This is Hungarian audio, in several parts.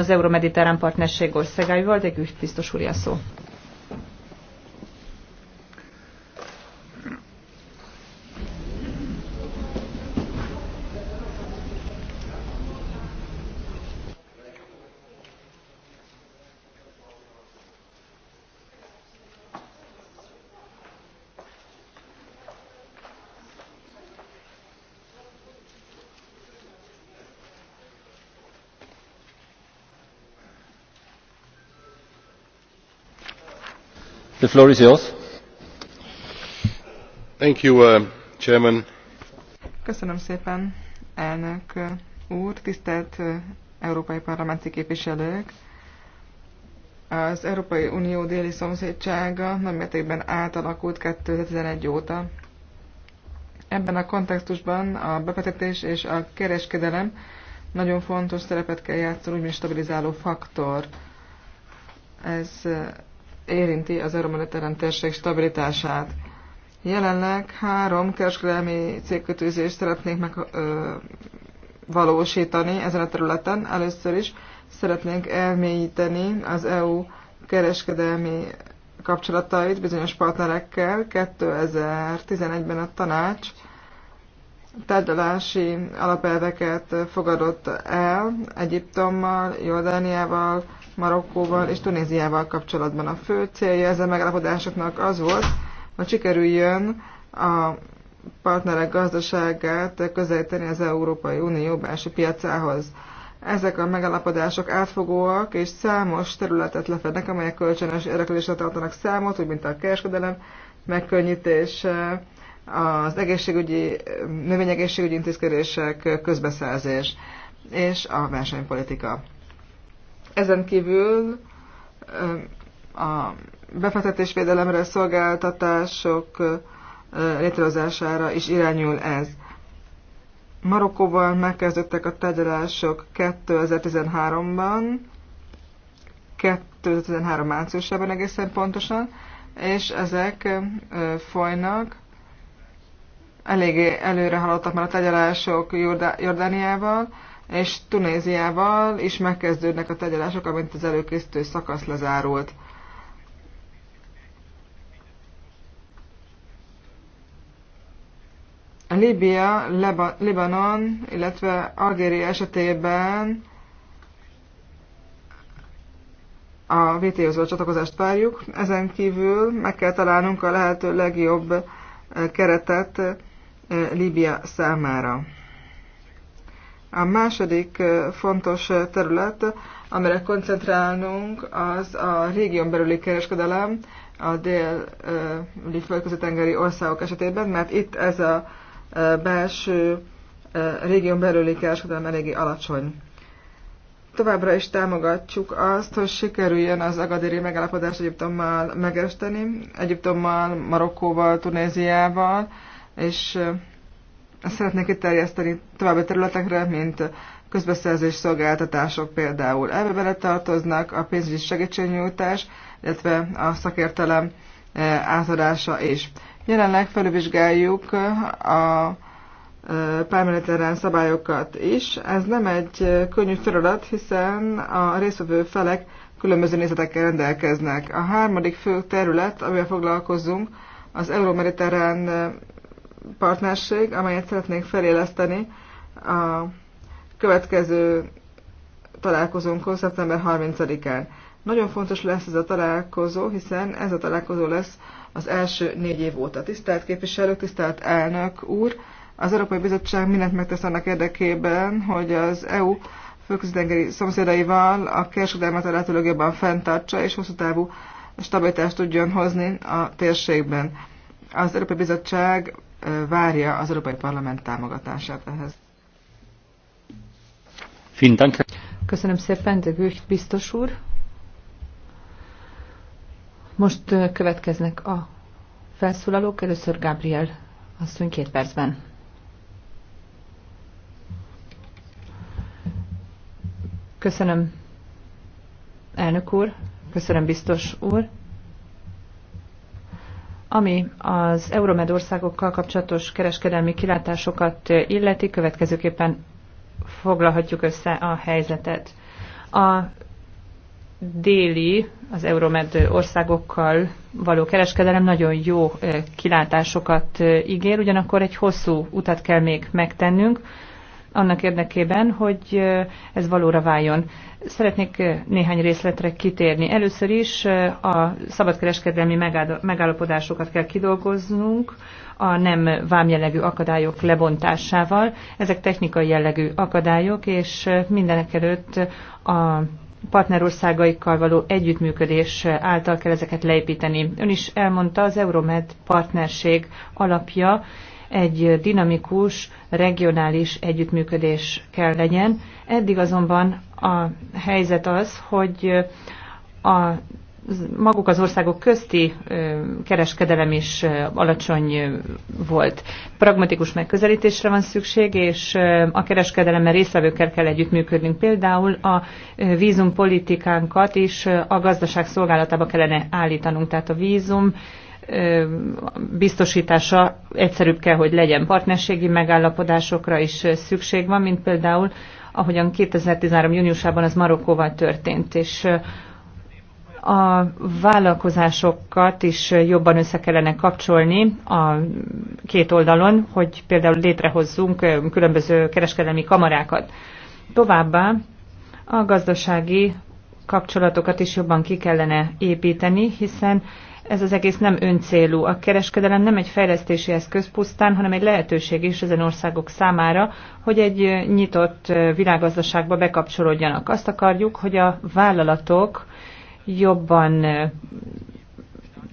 az Euromediterrán partnerség országáival, de Gücht biztos úr szó. Uh, Köszönöm szépen, elnök uh, úr, tisztelt uh, európai parlamenti képviselők! Az Európai Unió déli szomszédsága nagy mértékben átalakult 2011 óta. Ebben a kontextusban a befektetés és a kereskedelem nagyon fontos szerepet kell játszani, úgymint stabilizáló faktor. Ez érinti az euromediterrán térség stabilitását. Jelenleg három kereskedelmi cégkötőzést szeretnék megvalósítani ezen a területen. Először is szeretnénk elmélyíteni az EU kereskedelmi kapcsolatait bizonyos partnerekkel. 2011-ben a tanács tárgyalási alapelveket fogadott el Egyiptommal, Jordániával, Marokkóval és Tunéziával kapcsolatban. A fő célja ezen megállapodásoknak az volt, hogy sikerüljön a partnerek gazdaságát közelíteni az Európai Unió belső piacához. Ezek a megállapodások átfogóak és számos területet lefednek, amelyek kölcsönös érdeklődésre tartanak számot, úgy mint a kereskedelem, megkönnyítés, az egészségügyi, növényegészségügyi intézkedések, közbeszerzés és a versenypolitika. Ezen kívül a befektetésvédelemre szolgáltatások létrehozására is irányul ez. Marokkóval megkezdődtek a tárgyalások 2013-ban, 2013 márciusában egészen pontosan, és ezek folynak. Eléggé előre haladtak már a tárgyalások Jordániával, és Tunéziával is megkezdődnek a tegyelások, amint az előkészítő szakasz lezárult. A Líbia, Leba, Libanon, illetve Algéria esetében a vto zó csatlakozást várjuk. Ezen kívül meg kell találnunk a lehető legjobb eh, keretet eh, Líbia számára. A második fontos terület, amire koncentrálnunk, az a régión belüli kereskedelem a déli földközi tengeri országok esetében, mert itt ez a belső régión belüli kereskedelem eléggé alacsony. Továbbra is támogatjuk azt, hogy sikerüljön az agadéri megállapodást Egyiptommal megerősíteni, Egyiptommal, Marokkóval, Tunéziával, és ezt szeretnék kiterjeszteni további területekre, mint közbeszerzés szolgáltatások például. Ebbe beletartoznak a pénzügyi segítségnyújtás, illetve a szakértelem eh, átadása is. Jelenleg felvizsgáljuk a eh, pármiliterán szabályokat is. Ez nem egy eh, könnyű feladat, hiszen a részvevő felek különböző nézetekkel rendelkeznek. A harmadik fő terület, amivel foglalkozunk, az euró partnerség, amelyet szeretnénk feléleszteni a következő találkozónkhoz szeptember 30-án. Nagyon fontos lesz ez a találkozó, hiszen ez a találkozó lesz az első négy év óta. Tisztelt képviselők, tisztelt elnök úr! Az Európai Bizottság mindent megtesz annak érdekében, hogy az EU fölközi szomszédaival a kereskedelmet a lehető legjobban fenntartsa és hosszú távú stabilitást tudjon hozni a térségben. Az Európai Bizottság várja az Európai Parlament támogatását ehhez. Köszönöm szépen, de Gücht biztos úr. Most következnek a felszólalók. Először Gabriel asszony két percben. Köszönöm, elnök úr. Köszönöm, biztos úr. Ami az Euromed országokkal kapcsolatos kereskedelmi kilátásokat illeti, következőképpen foglalhatjuk össze a helyzetet. A déli, az Euromed országokkal való kereskedelem nagyon jó eh, kilátásokat eh, ígér, ugyanakkor egy hosszú utat kell még megtennünk, annak érdekében, hogy ez valóra váljon. Szeretnék néhány részletre kitérni. Először is a szabadkereskedelmi megállapodásokat kell kidolgoznunk a nem vámjellegű akadályok lebontásával. Ezek technikai jellegű akadályok, és mindenek előtt a partnerországaikkal való együttműködés által kell ezeket leépíteni. Ön is elmondta, az Euromed partnerség alapja egy dinamikus, regionális együttműködés kell legyen. Eddig azonban a helyzet az, hogy a maguk az országok közti kereskedelem is alacsony volt. Pragmatikus megközelítésre van szükség, és a kereskedelemmel részvevőkkel kell együttműködnünk. Például a vízumpolitikánkat is a gazdaság szolgálatába kellene állítanunk, tehát a vízum biztosítása egyszerűbb kell, hogy legyen. Partnerségi megállapodásokra is szükség van, mint például, ahogyan 2013. júniusában az Marokkóval történt, és a vállalkozásokat is jobban össze kellene kapcsolni a két oldalon, hogy például létrehozzunk különböző kereskedelmi kamarákat. Továbbá a gazdasági kapcsolatokat is jobban ki kellene építeni, hiszen ez az egész nem öncélú. A kereskedelem nem egy fejlesztési eszköz pusztán, hanem egy lehetőség is ezen országok számára, hogy egy nyitott világgazdaságba bekapcsolódjanak. Azt akarjuk, hogy a vállalatok jobban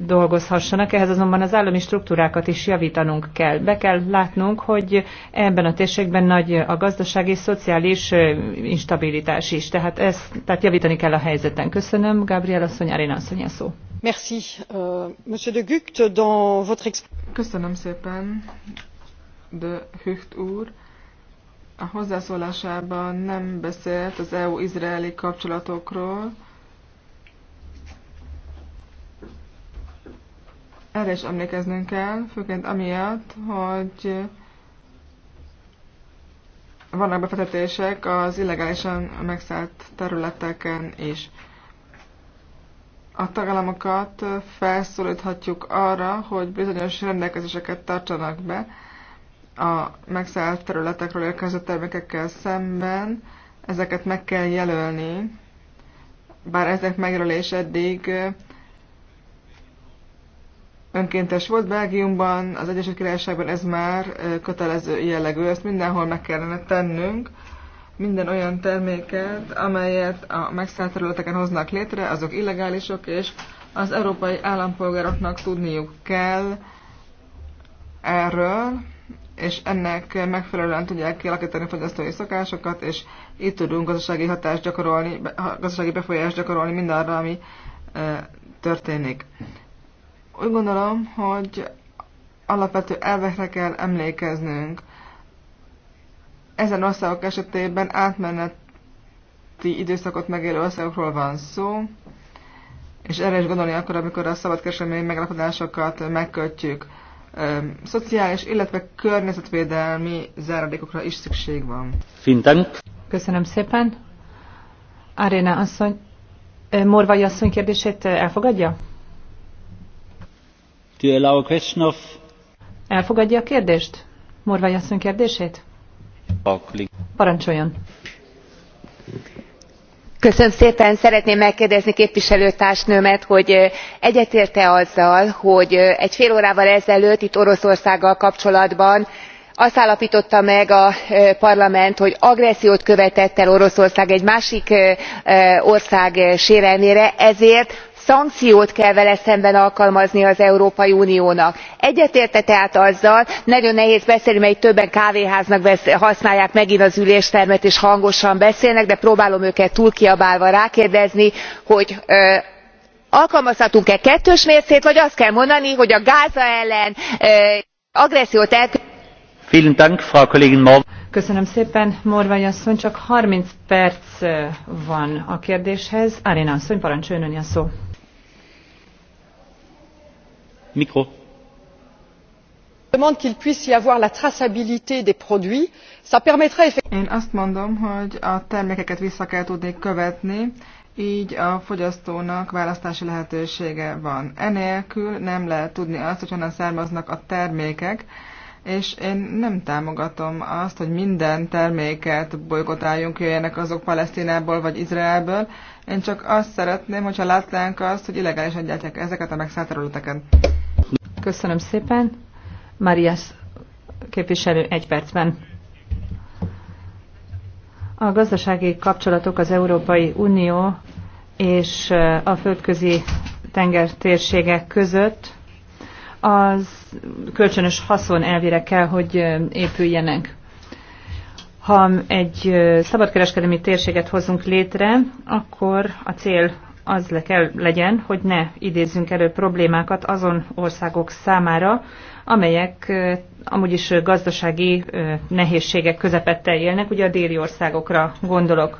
dolgozhassanak, ehhez azonban az állami struktúrákat is javítanunk kell. Be kell látnunk, hogy ebben a térségben nagy a gazdasági és szociális instabilitás is, tehát, ez, tehát javítani kell a helyzeten. Köszönöm, Gabriel asszony, Arina asszony a szó. Merci. Uh, Monsieur de Gucht, dans votre exp. Köszönöm szépen, de Hücht úr. A hozzászólásában nem beszélt az EU-izraeli kapcsolatokról, erre is emlékeznünk kell, főként amiatt, hogy vannak befetetések az illegálisan megszállt területeken is. A tagállamokat felszólíthatjuk arra, hogy bizonyos rendelkezéseket tartsanak be a megszállt területekről érkező termékekkel szemben, ezeket meg kell jelölni, bár ezek megjelölés eddig önkéntes volt Belgiumban, az Egyesült Királyságban ez már kötelező jellegű, ezt mindenhol meg kellene tennünk. Minden olyan terméket, amelyet a megszállt területeken hoznak létre, azok illegálisok, és az európai állampolgároknak tudniuk kell erről, és ennek megfelelően tudják kialakítani a fogyasztói szokásokat, és itt tudunk gazdasági hatást gyakorolni, gazdasági befolyást gyakorolni mindarra, ami történik. Úgy gondolom, hogy alapvető elvekre kell emlékeznünk. Ezen országok esetében átmeneti időszakot megélő országokról van szó, és erre is gondolni akkor, amikor a szabadkeresemény megállapodásokat megkötjük. Szociális, illetve környezetvédelmi záradékokra is szükség van. Fintank. Köszönöm szépen. Aréna asszony, Morvai asszony kérdését elfogadja? Do you allow a question of... Elfogadja a kérdést? Morvai asszony kérdését? Parancsoljon! Köszönöm szépen. szeretném megkérdezni képviselőtársnőmet hogy egyetért e azzal hogy egy fél órával ezelőtt itt oroszországgal kapcsolatban azt állapította meg a parlament hogy agressziót követett el oroszország egy másik ország sérelmére ezért szankciót kell vele szemben alkalmazni az európai uniónak. egyetért e tehát azzal nagyon nehéz beszélni mert itt többen kávéháznak használják megint az üléstermet és hangosan beszélnek de próbálom őket túlkiabálva rákérdezni hogy alkalmazhatunk e kettős mércét vagy azt kell mondani hogy a gáza ellen agressziót elkövető. Köszönöm szépen, Morvai asszony, csak 30 perc van a kérdéshez. Arena asszony, parancsoljon a szó demande qu'il puisse y avoir la traçabilité des produits. Én azt mondom, hogy a termékeket vissza kell tudni követni, így a fogyasztónak választási lehetősége van. Enélkül nem lehet tudni azt, hogy honnan származnak a termékek, és én nem támogatom azt, hogy minden terméket bolygotáljunk, jöjjenek azok Palesztinából vagy Izraelből. Én csak azt szeretném, hogyha látnánk azt, hogy illegálisan gyártják ezeket a megszállterületeket. Köszönöm szépen. Marias képviselő egy percben. A gazdasági kapcsolatok az Európai Unió és a földközi tengertérségek között az kölcsönös haszon elvére kell, hogy épüljenek. Ha egy szabadkereskedelmi térséget hozunk létre, akkor a cél az le kell legyen, hogy ne idézzünk elő problémákat azon országok számára, amelyek amúgy is gazdasági nehézségek közepette élnek, ugye a déli országokra gondolok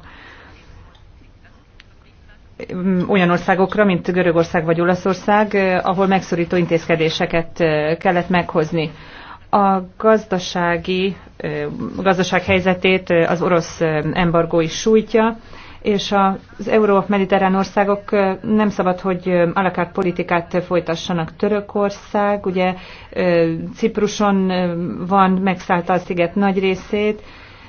olyan országokra, mint Görögország vagy Olaszország, eh, ahol megszorító intézkedéseket eh, kellett meghozni. A gazdasági, a eh, gazdaság helyzetét az orosz embargó is sújtja, és az euró-mediterrán országok nem szabad, hogy alakárt politikát folytassanak. Törökország, ugye Cipruson van, megszállta a sziget nagy részét,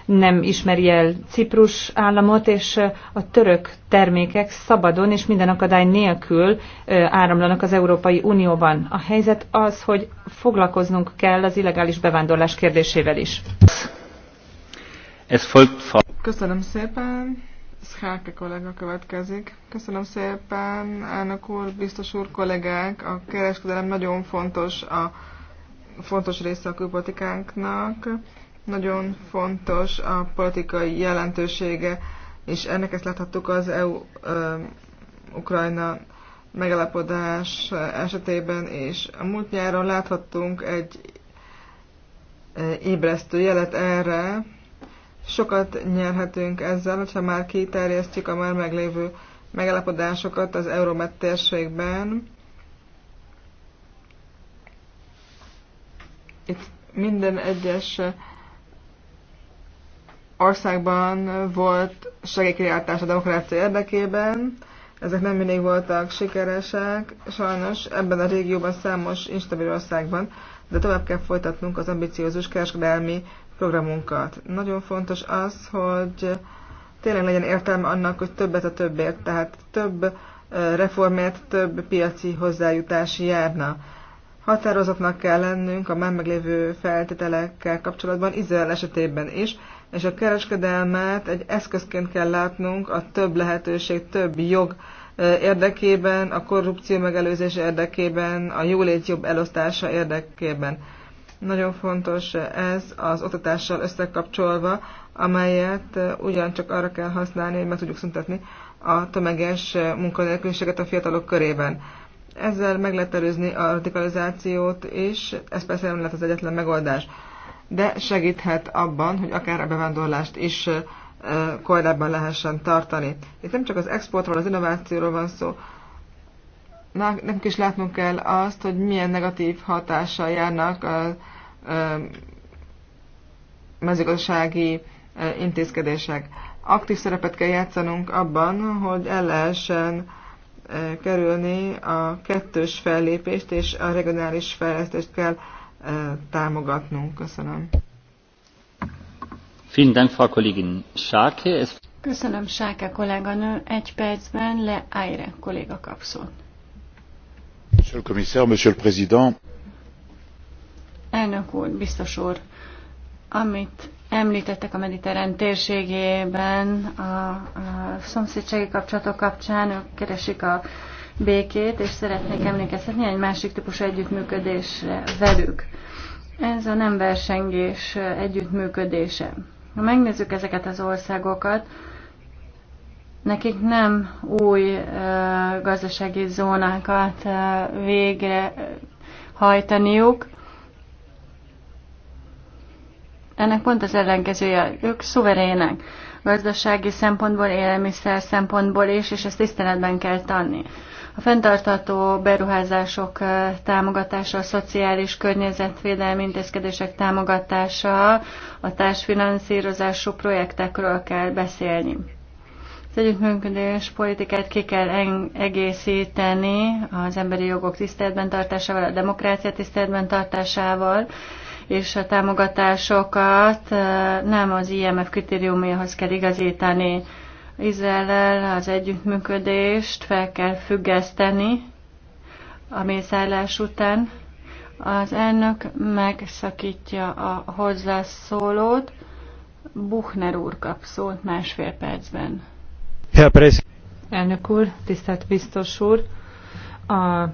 nem ismeri el Ciprus államot, és a török termékek szabadon és minden akadály nélkül áramlanak az Európai Unióban. A helyzet az, hogy foglalkoznunk kell az illegális bevándorlás kérdésével is. Ez Köszönöm szépen. Szkáke kollega következik. Köszönöm szépen, elnök úr, biztos úr, kollégák. A kereskedelem nagyon fontos, a fontos része a külpolitikánknak. Nagyon fontos a politikai jelentősége, és ennek ezt láthattuk az EU-Ukrajna megalapodás esetében, és a múlt nyáron láthattunk egy ébresztő jelet erre. Sokat nyerhetünk ezzel, hogyha már kiterjesztjük a már meglévő megalapodásokat az Euromed térségben. Itt minden egyes országban volt segélykirjátás a demokrácia érdekében, ezek nem mindig voltak sikeresek, sajnos ebben a régióban számos instabil országban, de tovább kell folytatnunk az ambiciózus kereskedelmi programunkat. Nagyon fontos az, hogy tényleg legyen értelme annak, hogy többet a többért, tehát több reformért, több piaci hozzájutás járna. Határozatnak kell lennünk a már meglévő feltételekkel kapcsolatban, Izrael esetében is, és a kereskedelmet egy eszközként kell látnunk a több lehetőség, több jog érdekében, a korrupció megelőzése érdekében, a jólét jobb elosztása érdekében. Nagyon fontos ez az oktatással összekapcsolva, amelyet ugyancsak arra kell használni, hogy meg tudjuk szüntetni a tömeges munkanélküliséget a fiatalok körében. Ezzel meg lehet előzni a radikalizációt és ez persze nem lehet az egyetlen megoldás de segíthet abban, hogy akár a bevándorlást is korábban lehessen tartani. Itt nem csak az exportról, az innovációról van szó, nem is látnunk kell azt, hogy milyen negatív hatással járnak a mezőgazdasági intézkedések. Aktív szerepet kell játszanunk abban, hogy el lehessen kerülni a kettős fellépést, és a regionális fejlesztést kell támogatnunk. Köszönöm. Köszönöm, Sáke kolléganő. Egy percben le Aire kolléga kapszol. Monsieur le commissaire, monsieur le président. Elnök úr, biztos úr, amit említettek a mediterrán térségében a, a szomszédsági kapcsolatok kapcsán, ők keresik a békét, és szeretnék emlékeztetni egy másik típusú együttműködésre velük. Ez a nem versengés együttműködése. Ha megnézzük ezeket az országokat, nekik nem új gazdasági zónákat végre hajtaniuk, ennek pont az ellenkezője, ők szuverének gazdasági szempontból, élelmiszer szempontból is, és ezt tiszteletben kell tanni. A fenntartató beruházások támogatása, a szociális környezetvédelmi intézkedések támogatása, a társfinanszírozású projektekről kell beszélni. Az együttműködés politikát ki kell egészíteni az emberi jogok tiszteletben tartásával, a demokrácia tiszteletben tartásával, és a támogatásokat nem az IMF kritériuméhoz kell igazítani. Izrael az együttműködést fel kell függeszteni a mészállás után. Az elnök megszakítja a hozzászólót. Buchner úr kap szót másfél percben. Elnök úr, tisztelt biztos úr! A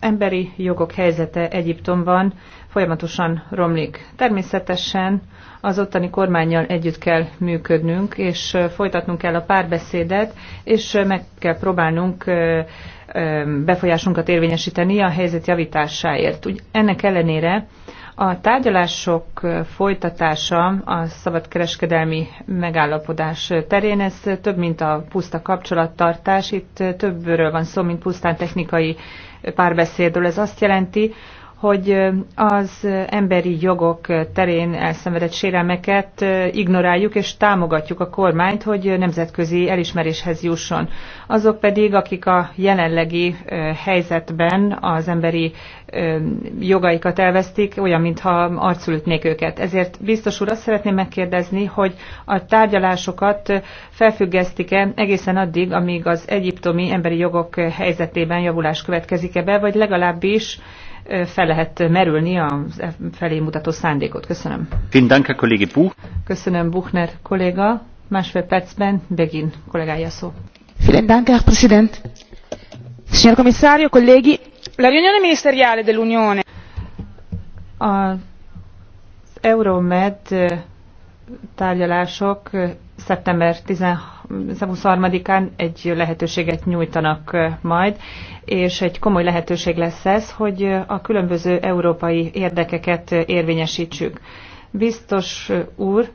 emberi jogok helyzete Egyiptomban folyamatosan romlik. Természetesen az ottani kormányjal együtt kell működnünk, és folytatnunk kell a párbeszédet, és meg kell próbálnunk befolyásunkat érvényesíteni a helyzet javításáért. Úgy, ennek ellenére a tárgyalások folytatása a szabadkereskedelmi megállapodás terén, ez több, mint a puszta kapcsolattartás, itt többről van szó, mint pusztán technikai párbeszédről. Ez azt jelenti, hogy az emberi jogok terén elszenvedett sérelmeket ignoráljuk és támogatjuk a kormányt, hogy nemzetközi elismeréshez jusson. Azok pedig, akik a jelenlegi helyzetben az emberi jogaikat elvesztik, olyan, mintha arcul ütnék őket. Ezért biztos úr, azt szeretném megkérdezni, hogy a tárgyalásokat felfüggesztik-e egészen addig, amíg az egyiptomi emberi jogok helyzetében javulás következik-e be, vagy legalábbis fel lehet merülni a felé mutató szándékot. Köszönöm. Köszönöm, Buchner kolléga. Másfél percben Begin kollégája szó. Vielen Dank, Herr Präsident. Signor Commissario, colleghi, la riunione ministeriale dell'Unione. Az Euromed tárgyalások szeptember 23-án egy lehetőséget nyújtanak majd, és egy komoly lehetőség lesz ez, hogy a különböző európai érdekeket érvényesítsük. Biztos úr,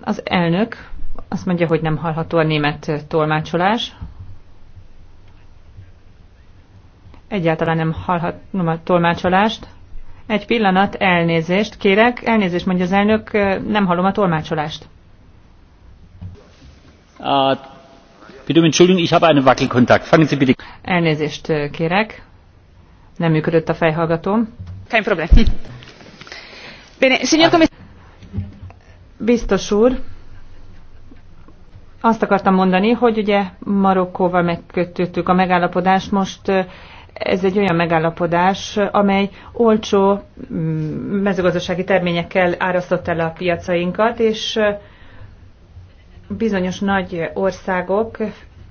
az elnök azt mondja, hogy nem hallható a német tolmácsolás. Egyáltalán nem hallhatom a tolmácsolást. Egy pillanat, elnézést kérek. Elnézést mondja az elnök, nem hallom a tolmácsolást. Uh, bitte um ich habe einen Wackelkontakt. Fangen Sie bitte. Elnézést kérek. Nem működött a fejhallgatóm. Kein Problem. Bene, signor ah. Biztos úr, azt akartam mondani, hogy ugye Marokkóval megkötöttük a megállapodást, most ez egy olyan megállapodás, amely olcsó mm, mezőgazdasági terményekkel árasztott el a piacainkat, és bizonyos nagy országok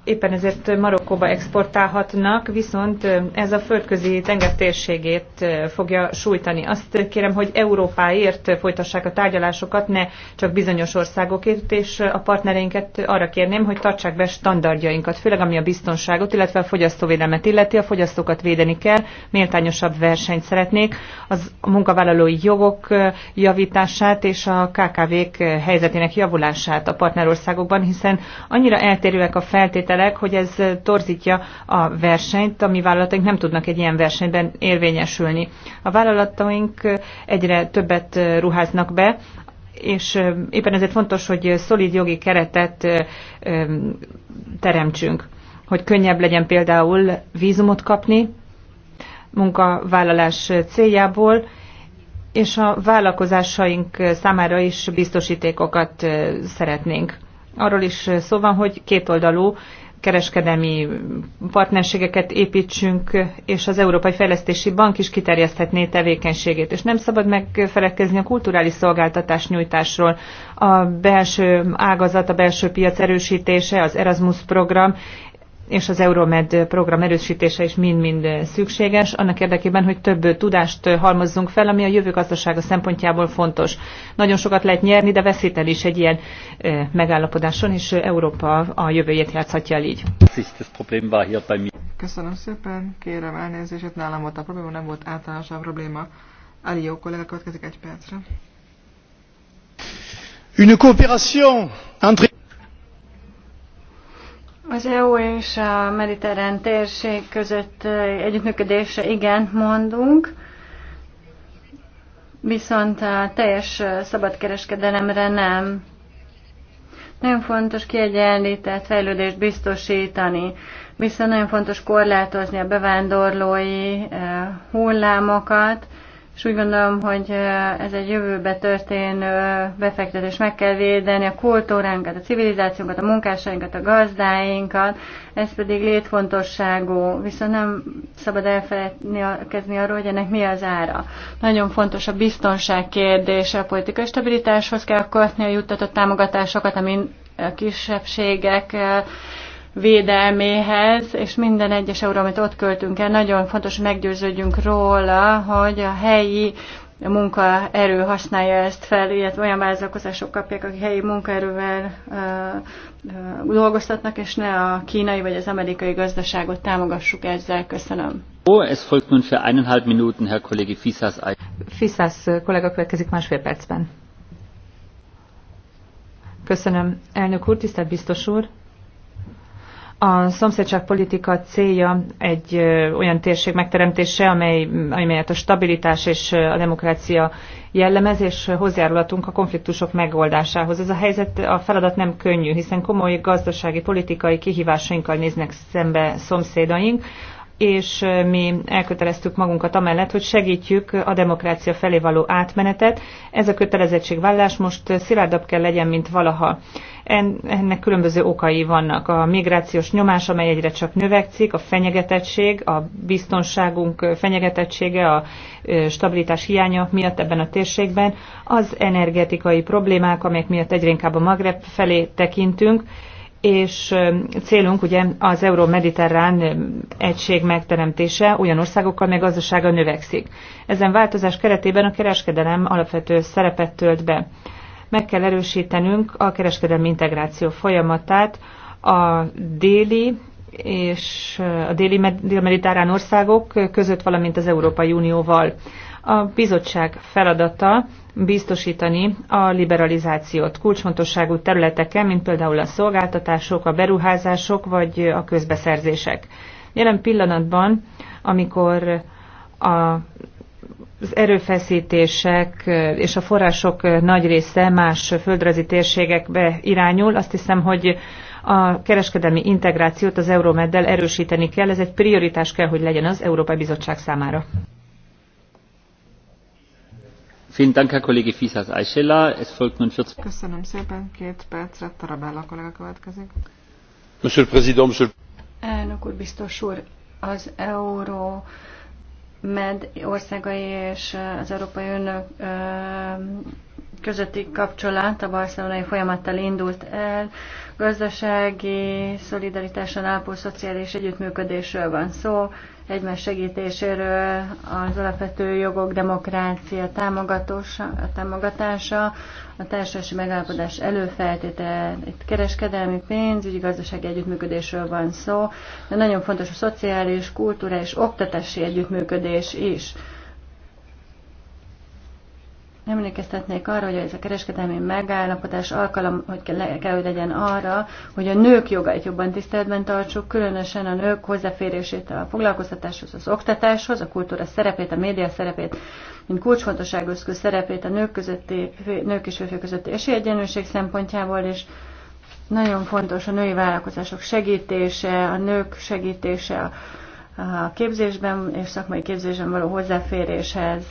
éppen ezért Marokkóba exportálhatnak, viszont ez a földközi tenger térségét fogja sújtani. Azt kérem, hogy Európáért folytassák a tárgyalásokat, ne csak bizonyos országokért, és a partnereinket arra kérném, hogy tartsák be standardjainkat, főleg ami a biztonságot, illetve a fogyasztóvédelmet illeti. A fogyasztókat védeni kell, méltányosabb versenyt szeretnék, az a munkavállalói jogok javítását és a KKV-k helyzetének javulását a partnerországokban, hiszen annyira eltérőek a feltételek, feltételek, hogy ez torzítja a versenyt, a mi vállalataink nem tudnak egy ilyen versenyben érvényesülni. A vállalataink egyre többet ruháznak be, és éppen ezért fontos, hogy szolid jogi keretet teremtsünk, hogy könnyebb legyen például vízumot kapni munkavállalás céljából, és a vállalkozásaink számára is biztosítékokat szeretnénk. Arról is szó van, hogy kétoldalú kereskedelmi partnerségeket építsünk, és az Európai Fejlesztési Bank is kiterjeszthetné tevékenységét. És nem szabad megfelelkezni a kulturális szolgáltatás nyújtásról. A belső ágazat, a belső piac erősítése, az Erasmus program és az Euromed program erősítése is mind-mind szükséges, annak érdekében, hogy több tudást halmozzunk fel, ami a jövő gazdasága szempontjából fontos. Nagyon sokat lehet nyerni, de veszít is egy ilyen megállapodáson, és Európa a jövőjét játszhatja el így. Köszönöm szépen, kérem elnézést, nálam volt a probléma, nem volt általános a probléma. jó kollega következik egy percre. Une coopération entre az EU és a mediterrán térség között együttműködésre igen mondunk, viszont a teljes szabadkereskedelemre nem. Nagyon fontos kiegyenlített fejlődést biztosítani, viszont nagyon fontos korlátozni a bevándorlói hullámokat, és úgy gondolom, hogy ez egy jövőbe történő befektetés. Meg kell védeni a kultúránkat, a civilizációnkat, a munkásainkat, a gazdáinkat, ez pedig létfontosságú, viszont nem szabad elfelejteni arról, hogy ennek mi az ára. Nagyon fontos a biztonság kérdése, a politikai stabilitáshoz kell kötni a juttatott támogatásokat, amin a kisebbségek védelméhez, és minden egyes euró, amit ott költünk el, nagyon fontos, hogy meggyőződjünk róla, hogy a helyi munkaerő használja ezt fel, illetve olyan vállalkozások kapják, akik helyi munkaerővel uh, dolgoztatnak, és ne a kínai vagy az amerikai gazdaságot támogassuk ezzel. Köszönöm. Oh, es folgt nun für eineinhalb Minuten Herr Kollege Fisas. Fisas kollega következik másfél percben. Köszönöm, elnök úr, tisztelt biztos úr. A szomszédságpolitika célja egy olyan térség megteremtése, amely, amelyet a stabilitás és a demokrácia jellemez, és hozzájárulatunk a konfliktusok megoldásához. Ez a helyzet, a feladat nem könnyű, hiszen komoly gazdasági, politikai kihívásainkkal néznek szembe szomszédaink, és mi elköteleztük magunkat amellett, hogy segítjük a demokrácia felé való átmenetet. Ez a kötelezettségvállás most szilárdabb kell legyen, mint valaha. Ennek különböző okai vannak. A migrációs nyomás, amely egyre csak növekszik, a fenyegetettség, a biztonságunk fenyegetettsége, a stabilitás hiánya miatt ebben a térségben, az energetikai problémák, amelyek miatt egyre inkább a Magreb felé tekintünk, és célunk ugye az euró-mediterrán egység megteremtése olyan országokkal, meg gazdasága növekszik. Ezen változás keretében a kereskedelem alapvető szerepet tölt be. Meg kell erősítenünk a kereskedelmi integráció folyamatát a déli és a déli dél-mediterrán országok között, valamint az Európai Unióval. A bizottság feladata biztosítani a liberalizációt kulcsfontosságú területeken, mint például a szolgáltatások, a beruházások vagy a közbeszerzések. Jelen pillanatban, amikor a az erőfeszítések és a források nagy része más földrajzi térségekbe irányul. Azt hiszem, hogy a kereskedelmi integrációt az Euromeddel erősíteni kell, ez egy prioritás kell, hogy legyen az Európai Bizottság számára. Köszönöm szépen, két percre Tarabella kollega következik. Monsieur le Président, Monsieur Elnök úr, biztos úr, az euró med országai és az Európai Önök közötti kapcsolat a barcelonai folyamattal indult el. Gazdasági szolidaritáson alapul szociális együttműködésről van szó, egymás segítéséről, az alapvető jogok, demokrácia támogatása, a társadalmi megállapodás előfeltétele, itt kereskedelmi pénz, ügyi gazdasági együttműködésről van szó, de nagyon fontos a szociális, kulturális, oktatási együttműködés is. Emlékeztetnék arra, hogy ez a kereskedelmi megállapodás alkalom, hogy kell, hogy legyen arra, hogy a nők jogait jobban tiszteletben tartsuk, különösen a nők hozzáférését a foglalkoztatáshoz, az oktatáshoz, a kultúra szerepét, a média szerepét, mint kulcsfontosságú eszköz szerepét a nők, közötti, nők és férfiak közötti esélyegyenlőség szempontjából, és nagyon fontos a női vállalkozások segítése, a nők segítése a képzésben és szakmai képzésben való hozzáféréshez.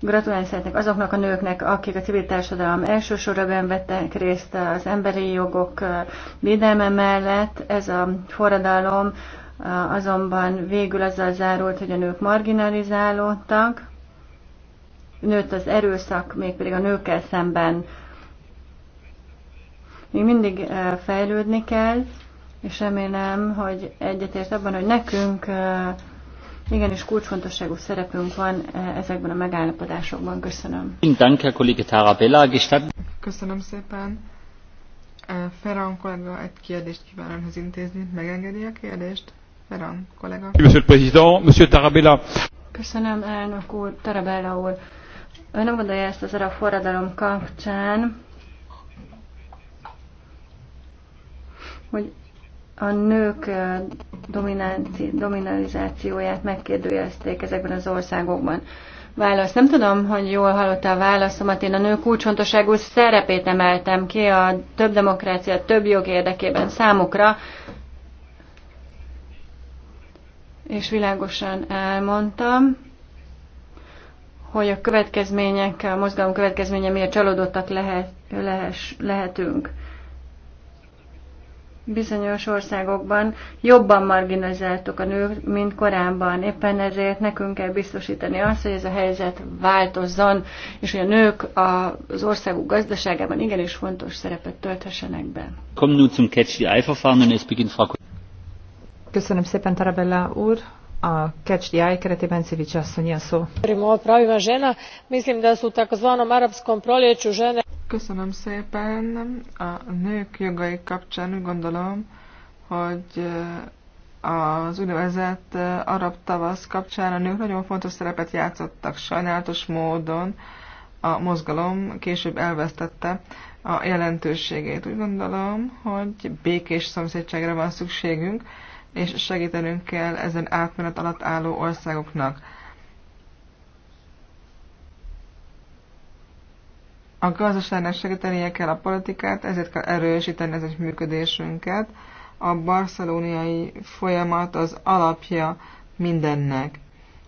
Gratulálni szeretnék azoknak a nőknek, akik a civil társadalom elsősorban vettek részt az emberi jogok védelme mellett. Ez a forradalom azonban végül azzal zárult, hogy a nők marginalizálódtak. Nőtt az erőszak, mégpedig a nőkkel szemben. Még mindig fejlődni kell, és remélem, hogy egyetért abban, hogy nekünk Igenis kulcsfontosságú szerepünk van e, ezekben a megállapodásokban. Köszönöm. Köszönöm szépen. E, Ferran kollega egy kérdést kíván önhöz intézni. Megengedi a kérdést? Ferran kollega. Monsieur le Président, Monsieur Tarabella. Köszönöm, elnök úr, Tarabella úr. Ön nem gondolja ezt az arab forradalom kapcsán, hogy a nők dominalizációját megkérdőjelezték ezekben az országokban. Válasz. Nem tudom, hogy jól hallotta a válaszomat. Én a nők kulcsfontosságú szerepét emeltem ki a több demokrácia, több jog érdekében számukra, és világosan elmondtam, hogy a következmények, a mozgalom következménye miért csalódottak lehet, lehess, lehetünk bizonyos országokban jobban marginalizáltuk a nők, mint korábban. Éppen ezért nekünk kell biztosítani azt, hogy ez a helyzet változzon, és hogy a nők az országuk gazdaságában igenis fontos szerepet tölthessenek be. Köszönöm szépen, Tarabella úr a Catch the Eye keretében Civics asszony a szó. Köszönöm szépen. A nők jogai kapcsán úgy gondolom, hogy eh, az úgynevezett eh, arab tavasz kapcsán a nők nagyon fontos szerepet játszottak sajnálatos módon. A mozgalom később elvesztette a jelentőségét. Úgy gondolom, hogy békés szomszédságra van szükségünk, és segítenünk kell ezen átmenet alatt álló országoknak. A gazdaságnak segítenie kell a politikát, ezért kell erősíteni ez egy működésünket. A barceloniai folyamat az alapja mindennek.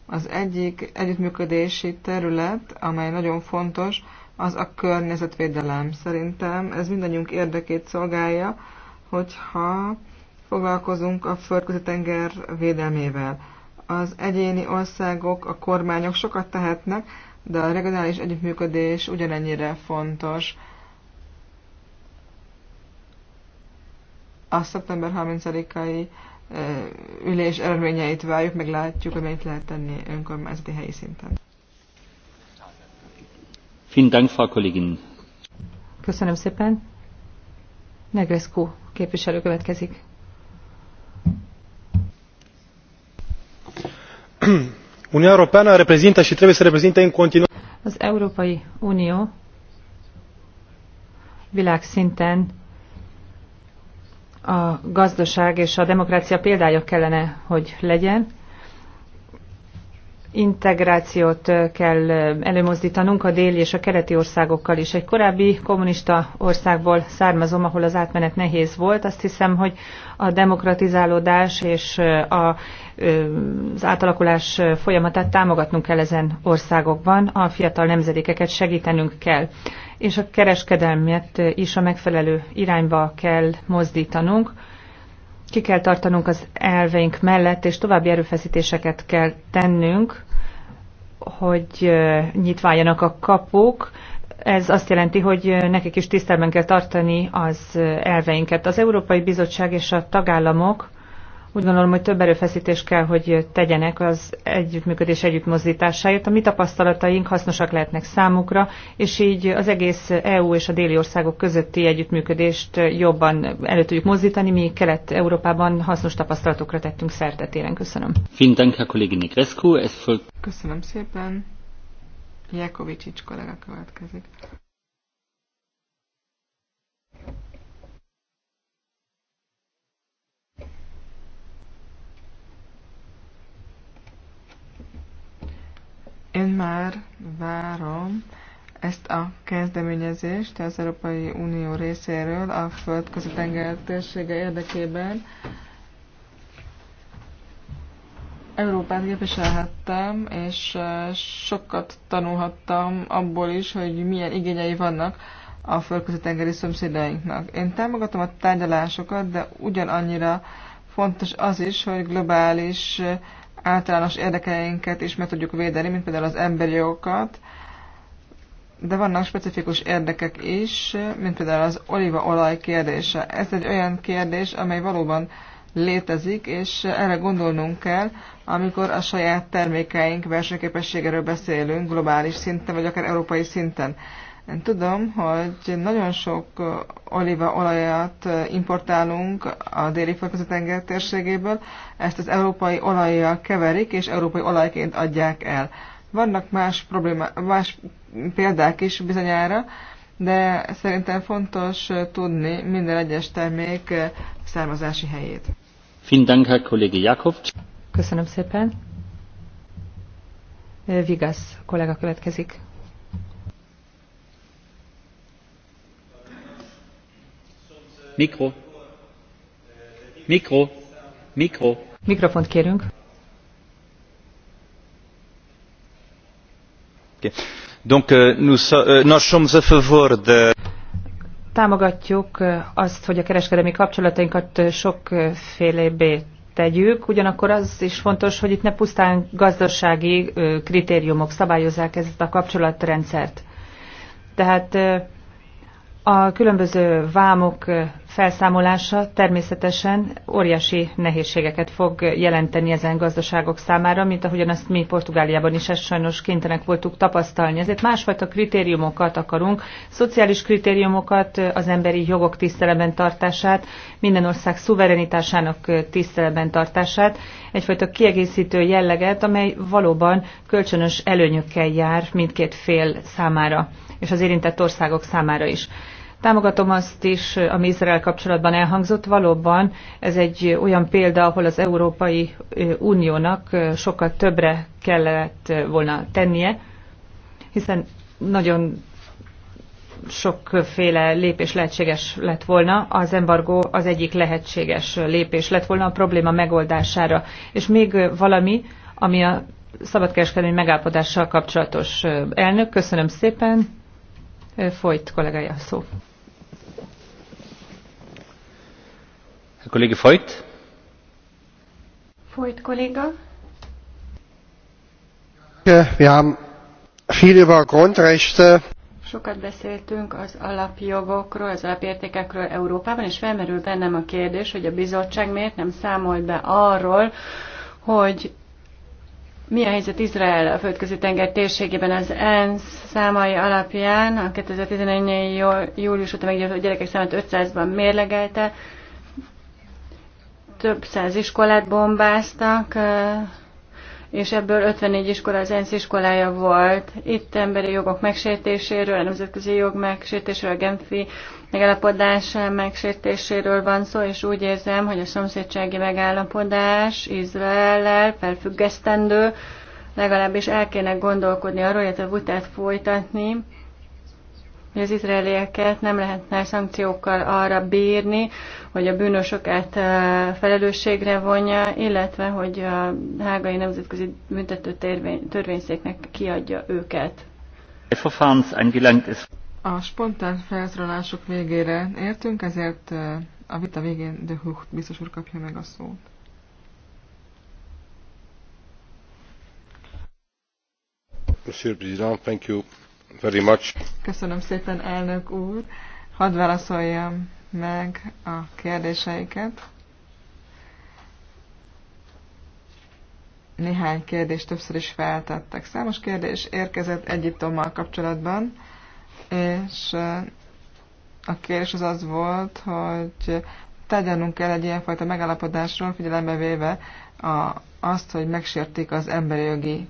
Az egyik együttműködési terület, amely nagyon fontos, az a környezetvédelem. Szerintem ez mindannyiunk érdekét szolgálja, hogyha foglalkozunk a földközi tenger védelmével. Az egyéni országok, a kormányok sokat tehetnek, de a regionális együttműködés ugyanennyire fontos. A szeptember 30-ai ülés eredményeit várjuk, meg látjuk, hogy mit lehet tenni önkormányzati helyi szinten. Köszönöm szépen. Negrescu képviselő következik. uniunea europeană reprezintă și trebuie să reprezinte în continuare az Európai Unió világszinten a gazdaság és a demokrácia példája kellene, hogy legyen, integrációt kell előmozdítanunk a déli és a keleti országokkal is. Egy korábbi kommunista országból származom, ahol az átmenet nehéz volt. Azt hiszem, hogy a demokratizálódás és a, az átalakulás folyamatát támogatnunk kell ezen országokban, a fiatal nemzedékeket segítenünk kell, és a kereskedelmet is a megfelelő irányba kell mozdítanunk ki kell tartanunk az elveink mellett, és további erőfeszítéseket kell tennünk, hogy nyitváljanak a kapuk. Ez azt jelenti, hogy nekik is tisztelben kell tartani az elveinket. Az Európai Bizottság és a tagállamok úgy gondolom, hogy több erőfeszítés kell, hogy tegyenek az együttműködés együttmozdításáért. A mi tapasztalataink hasznosak lehetnek számukra, és így az egész EU és a déli országok közötti együttműködést jobban elő tudjuk mozdítani. Mi Kelet-Európában hasznos tapasztalatokra tettünk szertet élen. Köszönöm. Köszönöm szépen. Jakovicsics kollega következik. Én már várom ezt a kezdeményezést az Európai Unió részéről a földközi tenger térsége érdekében. Európát képviselhettem, és sokat tanulhattam abból is, hogy milyen igényei vannak a földközi tengeri szomszédainknak. Én támogatom a tárgyalásokat, de ugyanannyira fontos az is, hogy globális általános érdekeinket is meg tudjuk védeni, mint például az emberi jogokat, de vannak specifikus érdekek is, mint például az olívaolaj kérdése. Ez egy olyan kérdés, amely valóban létezik, és erre gondolnunk kell, amikor a saját termékeink versenyképességéről beszélünk globális szinten, vagy akár európai szinten. Én tudom, hogy nagyon sok olívaolajat importálunk a déli földközi tenger térségéből, ezt az európai olajjal keverik, és európai olajként adják el. Vannak más, probléma, más példák is bizonyára, de szerintem fontos tudni minden egyes termék származási helyét. Köszönöm szépen. Vigasz kollega következik. Mikro. Mikro. Mikro. Mikrofont kérünk. Okay. Donc, euh, nous, euh, nous sommes a favor de támogatjuk euh, azt, hogy a kereskedelmi kapcsolatainkat sokfélébbé tegyük, ugyanakkor az is fontos, hogy itt ne pusztán gazdasági kritériumok szabályozzák ezt a kapcsolatrendszert. Tehát a különböző vámok felszámolása természetesen óriási nehézségeket fog jelenteni ezen gazdaságok számára, mint ahogyan azt mi Portugáliában is ezt sajnos kénytelenek voltuk tapasztalni. Ezért másfajta kritériumokat akarunk, szociális kritériumokat, az emberi jogok tiszteleben tartását, minden ország szuverenitásának tiszteleben tartását, egyfajta kiegészítő jelleget, amely valóban kölcsönös előnyökkel jár mindkét fél számára, és az érintett országok számára is. Támogatom azt is, ami Izrael kapcsolatban elhangzott. Valóban ez egy olyan példa, ahol az Európai Uniónak sokkal többre kellett volna tennie, hiszen nagyon sokféle lépés lehetséges lett volna, az embargó az egyik lehetséges lépés lett volna a probléma megoldására. És még valami, ami a szabadkereskedelmi megállapodással kapcsolatos elnök. Köszönöm szépen. Folyt kollégája szó. A kollégi Fajt? Fajt kolléga. Wir haben viel über Grundrechte Sokat beszéltünk az alapjogokról, az alapértékekről Európában, és felmerül bennem a kérdés, hogy a bizottság miért nem számolt be arról, hogy mi a helyzet Izrael a földközi tenger térségében az ENSZ számai alapján a 2014. július óta meggyilkolt gyerekek számát 500-ban mérlegelte, több száz iskolát bombáztak, és ebből 54 iskola az ENSZ iskolája volt. Itt emberi jogok megsértéséről, a nemzetközi jog megsértéséről, a Genfi megállapodás megsértéséről van szó, és úgy érzem, hogy a szomszédsági megállapodás Izrael felfüggesztendő, legalábbis el kéne gondolkodni arról, hogy a vitát folytatni, hogy az izraelieket nem lehetne szankciókkal arra bírni, hogy a bűnösöket felelősségre vonja, illetve hogy a hágai nemzetközi büntető törvény, törvényszéknek kiadja őket. A spontán felszólalások végére értünk, ezért a vita végén de Hucht biztos úr kapja meg a szót. Monsieur le Président, thank you very much. Köszönöm szépen, elnök úr. Hadd válaszoljam meg a kérdéseiket. Néhány kérdést többször is feltettek. Számos kérdés érkezett Egyiptommal kapcsolatban, és a kérdés az az volt, hogy tegyenünk kell egy ilyenfajta megállapodásról, figyelembe véve a, azt, hogy megsértik az emberi jogi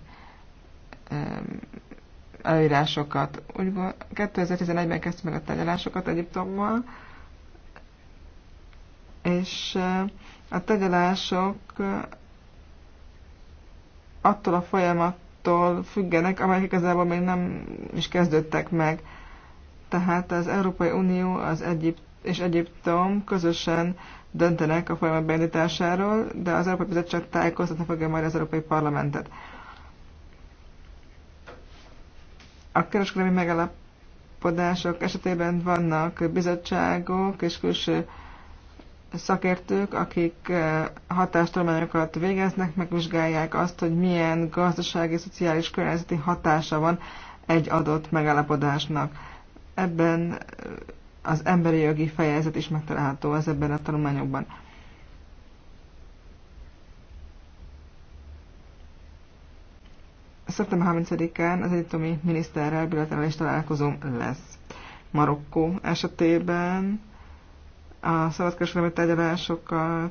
elírásokat. Úgy 2011-ben kezdtem meg a tegyelásokat Egyiptommal, és eh, a tegyelások eh, attól a folyamattól függenek, amelyek igazából még nem is kezdődtek meg. Tehát az Európai Unió az Egyipt és Egyiptom közösen döntenek a folyamat beindításáról, de az Európai Bizottság tájékoztatni fogja majd az Európai Parlamentet. A kereskedelmi megalapodások esetében vannak bizottságok és külső szakértők, akik eh, hatástudományokat végeznek, megvizsgálják azt, hogy milyen gazdasági, szociális, környezeti hatása van egy adott megállapodásnak. Ebben eh, az emberi jogi fejezet is megtalálható az ebben a tanulmányokban. szeptember 30-án az egyetemi miniszterrel bilaterális találkozom lesz. Marokkó esetében a szabadkereskedelmi tárgyalásokat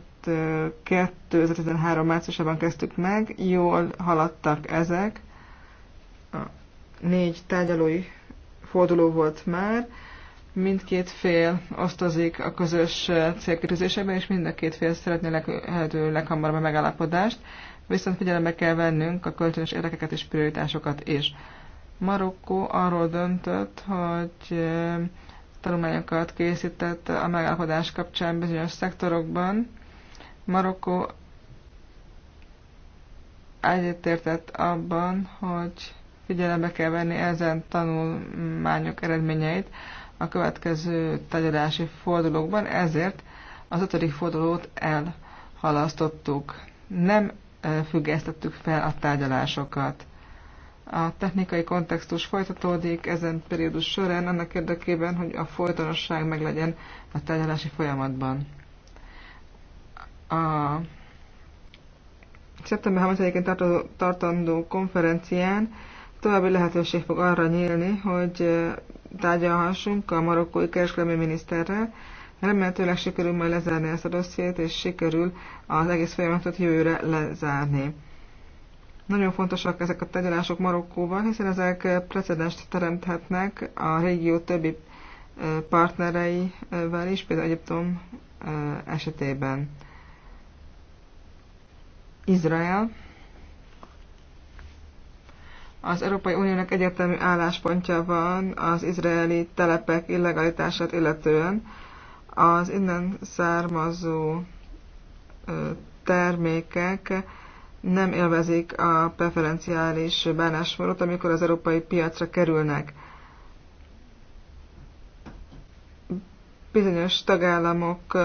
2013 márciusában kezdtük meg, jól haladtak ezek, a négy tárgyalói forduló volt már, mindkét fél osztozik a közös célkérdésekben, és mind a két fél szeretné lehető leghamarabb a megállapodást viszont figyelembe kell vennünk a kölcsönös érdekeket és prioritásokat is. Marokkó arról döntött, hogy tanulmányokat készített a megállapodás kapcsán bizonyos szektorokban. Marokkó egyetértett abban, hogy figyelembe kell venni ezen tanulmányok eredményeit a következő tagadási fordulókban, ezért az ötödik fordulót elhalasztottuk. Nem függesztettük fel a tárgyalásokat. A technikai kontextus folytatódik ezen periódus során annak érdekében, hogy a folytonosság meglegyen a tárgyalási folyamatban. A szeptember 3-án tartandó konferencián további lehetőség fog arra nyílni, hogy tárgyalhassunk a marokkói kereskedelmi miniszterrel, Remélhetőleg sikerül majd lezárni ezt a dossziét, és sikerül az egész folyamatot jövőre lezárni. Nagyon fontosak ezek a tegyelások Marokkóval, hiszen ezek precedest teremthetnek a régió többi partnereivel is, például Egyiptom esetében. Izrael. Az Európai Uniónak egyértelmű álláspontja van az izraeli telepek illegalitását illetően. Az innen származó termékek nem élvezik a preferenciális bánásmódot, amikor az európai piacra kerülnek. Bizonyos tagállamok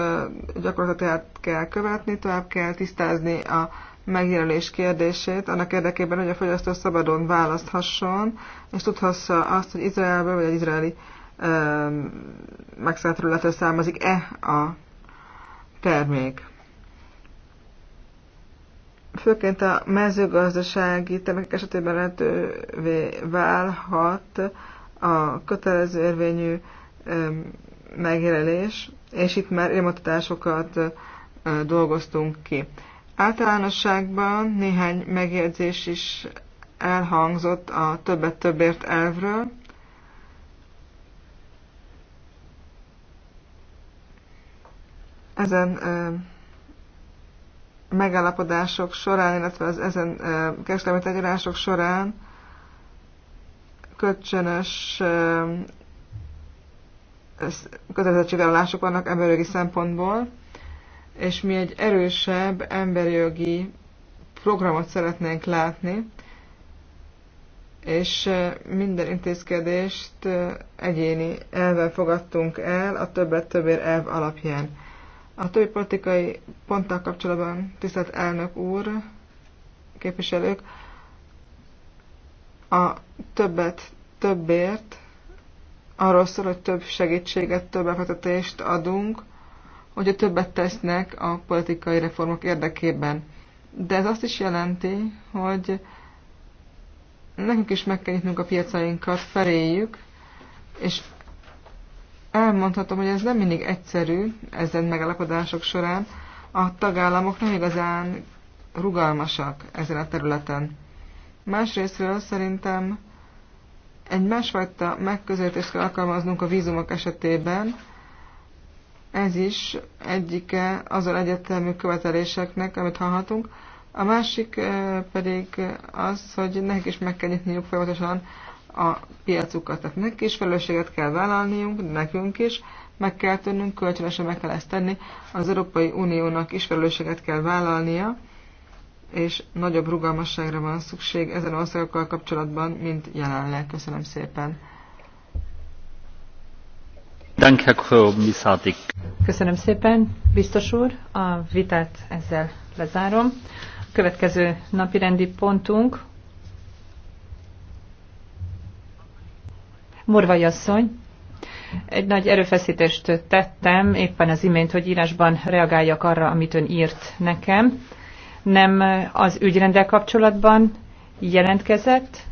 gyakorlatát kell követni, tovább kell tisztázni a megjelölés kérdését, annak érdekében, hogy a fogyasztó szabadon választhasson, és tudhassa azt, hogy Izraelből vagy egy izraeli megszállt területről származik-e a termék. Főként a mezőgazdasági termékek esetében lehetővé válhat a kötelező érvényű megjelölés, és itt már élmutatásokat dolgoztunk ki. Általánosságban néhány megjegyzés is elhangzott a többet többért elvről. ezen megállapodások során, illetve az ezen kereskedelmi tárgyalások során kölcsönös kötelezettségvállalások vannak emberjogi szempontból, és mi egy erősebb emberjogi programot szeretnénk látni, és minden intézkedést egyéni elven fogadtunk el a többet többér elv alapján. A többi politikai ponttal kapcsolatban, tisztelt elnök úr, képviselők, a többet többért arról szól, hogy több segítséget, több befektetést adunk, hogy a többet tesznek a politikai reformok érdekében. De ez azt is jelenti, hogy nekünk is meg kell nyitnunk a piacainkat feléjük, és elmondhatom, hogy ez nem mindig egyszerű ezen megalapodások során. A tagállamok nem igazán rugalmasak ezen a területen. Másrésztről szerintem egy másfajta megközelítést kell alkalmaznunk a vízumok esetében. Ez is egyike azon egyetemű követeléseknek, amit hallhatunk. A másik eh, pedig az, hogy nekik is meg kell nyitniuk folyamatosan a piacukat. Tehát nekik is felelősséget kell vállalniunk, nekünk is, meg kell tennünk, kölcsönösen meg kell ezt tenni. Az Európai Uniónak is felelősséget kell vállalnia, és nagyobb rugalmasságra van szükség ezen országokkal kapcsolatban, mint jelenleg. Köszönöm szépen. Köszönöm szépen, biztos úr. A vitát ezzel lezárom. A következő napi rendi pontunk Morvai asszony, egy nagy erőfeszítést tettem éppen az imént, hogy írásban reagáljak arra, amit ön írt nekem. Nem az ügyrendel kapcsolatban jelentkezett,